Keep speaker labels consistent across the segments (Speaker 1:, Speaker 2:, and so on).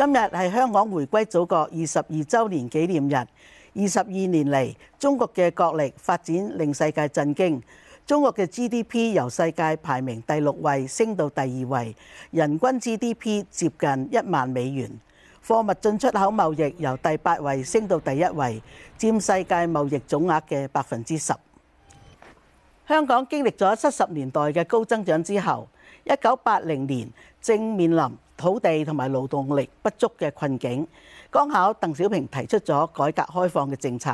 Speaker 1: 今日係香港回歸祖國二十二周年紀念日。二十二年嚟，中國嘅國力發展令世界震驚。中國嘅 GDP 由世界排名第六位升到第二位，人均 GDP 接近一萬美元。貨物進出口貿易由第八位升到第一位，佔世界貿易總額嘅百分之十。香港經歷咗七十年代嘅高增長之後，一九八零年正面臨土地同埋勞動力不足嘅困境，剛巧鄧小平提出咗改革開放嘅政策，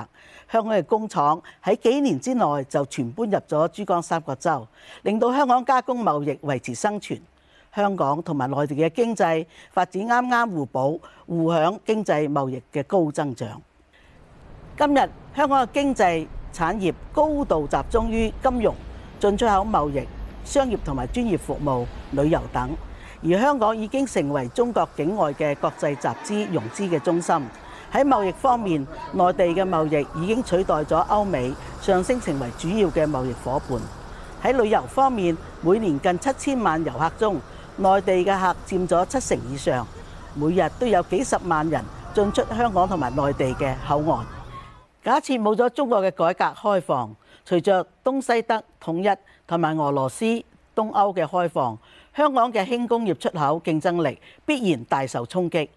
Speaker 1: 香港嘅工廠喺幾年之內就全搬入咗珠江三角洲，令到香港加工貿易維持生存，香港同埋內地嘅經濟發展啱啱互補，互享經濟貿易嘅高增長。今日香港嘅經濟產業高度集中於金融、進出口貿易、商業同埋專業服務、旅遊等。而香港已經成為中國境外嘅國際集資融資嘅中心。喺貿易方面，內地嘅貿易已經取代咗歐美，上升成為主要嘅貿易夥伴。喺旅遊方面，每年近七千萬遊客中，內地嘅客佔咗七成以上。每日都有幾十萬人進出香港同埋內地嘅口岸。假設冇咗中國嘅改革開放，隨着東西德統一同埋俄羅斯東歐嘅開放。香港嘅輕工業出口競爭力必然大受衝擊，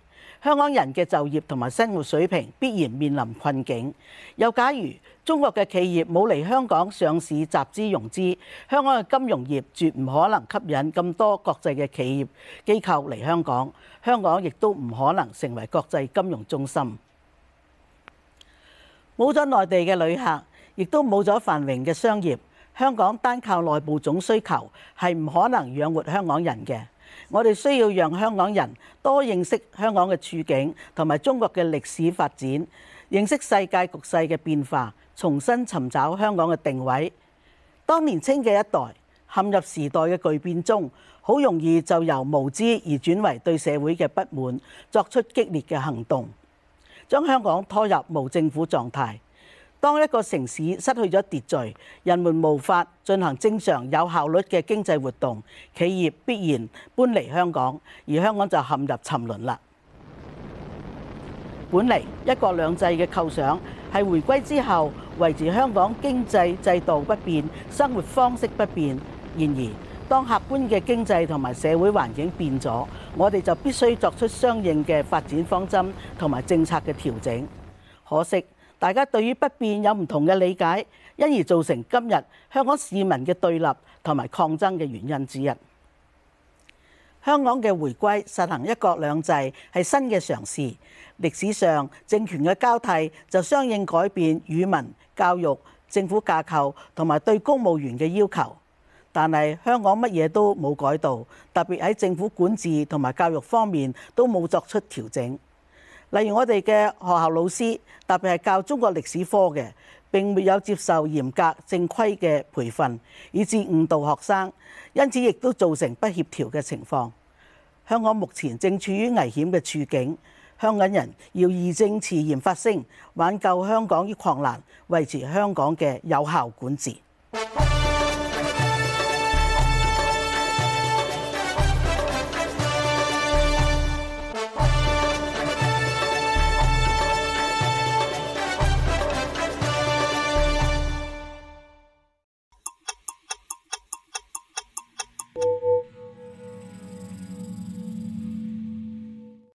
Speaker 1: 香港人嘅就業同埋生活水平必然面臨困境。又假如中國嘅企業冇嚟香港上市集資融資，香港嘅金融業絕唔可能吸引咁多國際嘅企業機構嚟香港，香港亦都唔可能成為國際金融中心。冇咗內地嘅旅客，亦都冇咗繁榮嘅商業。香港單靠內部總需求係唔可能養活香港人嘅。我哋需要讓香港人多認識香港嘅處境同埋中國嘅歷史發展，認識世界局勢嘅變化，重新尋找香港嘅定位。當年輕嘅一代陷入時代嘅巨變中，好容易就由無知而轉為對社會嘅不滿，作出激烈嘅行動，將香港拖入無政府狀態。當一個城市失去咗秩序，人們無法進行正常有效率嘅經濟活動，企業必然搬離香港，而香港就陷入沉淪啦。本嚟一國兩制嘅構想係回歸之後維持香港經濟制度不變、生活方式不變。然而，當客觀嘅經濟同埋社會環境變咗，我哋就必須作出相應嘅發展方針同埋政策嘅調整。可惜，大家對於不變有唔同嘅理解，因而造成今日香港市民嘅對立同埋抗爭嘅原因之一。香港嘅回歸實行一國兩制係新嘅嘗試，歷史上政權嘅交替就相應改變語文、教育、政府架構同埋對公務員嘅要求，但係香港乜嘢都冇改到，特別喺政府管治同埋教育方面都冇作出調整。例如我哋嘅學校老師，特別係教中國歷史科嘅，並沒有接受嚴格正規嘅培訓，以致誤導學生，因此亦都造成不協調嘅情況。香港目前正處於危險嘅處境，香港人要義正辭嚴發聲，挽救香港於狂瀾，維持香港嘅有效管治。